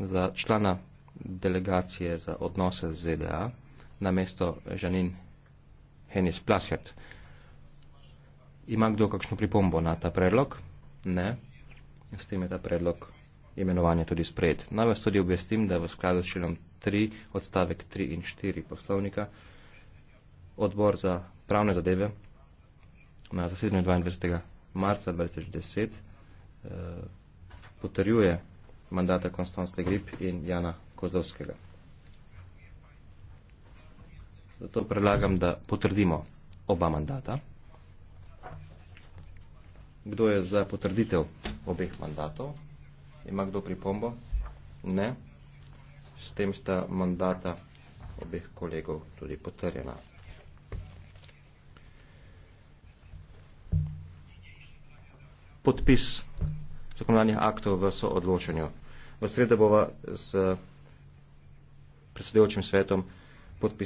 za člana delegacije za odnose z ZDA na mesto Žanin Henis Plasjert. Ima kdo kakšno pripombo na ta predlog? Ne. S tem je ta predlog imenovanja tudi sprejet. Naj vas tudi obvestim, da v skladu s členom 3, odstavek 3 in 4 poslovnika, odbor za pravne zadeve na zasedanju 22. marca 2010 eh, potrjuje mandata Konstantina Grip in Jana Kozlovskega. Zato predlagam, da potrdimo oba mandata. Kdo je za potrditev obeh mandatov? Ima kdo pripombo? Ne. S tem sta mandata obeh kolegov tudi potrjena. Podpis zakonodajnih aktov v soodločanju v sredo bova s predsedujočim svetom podpisala.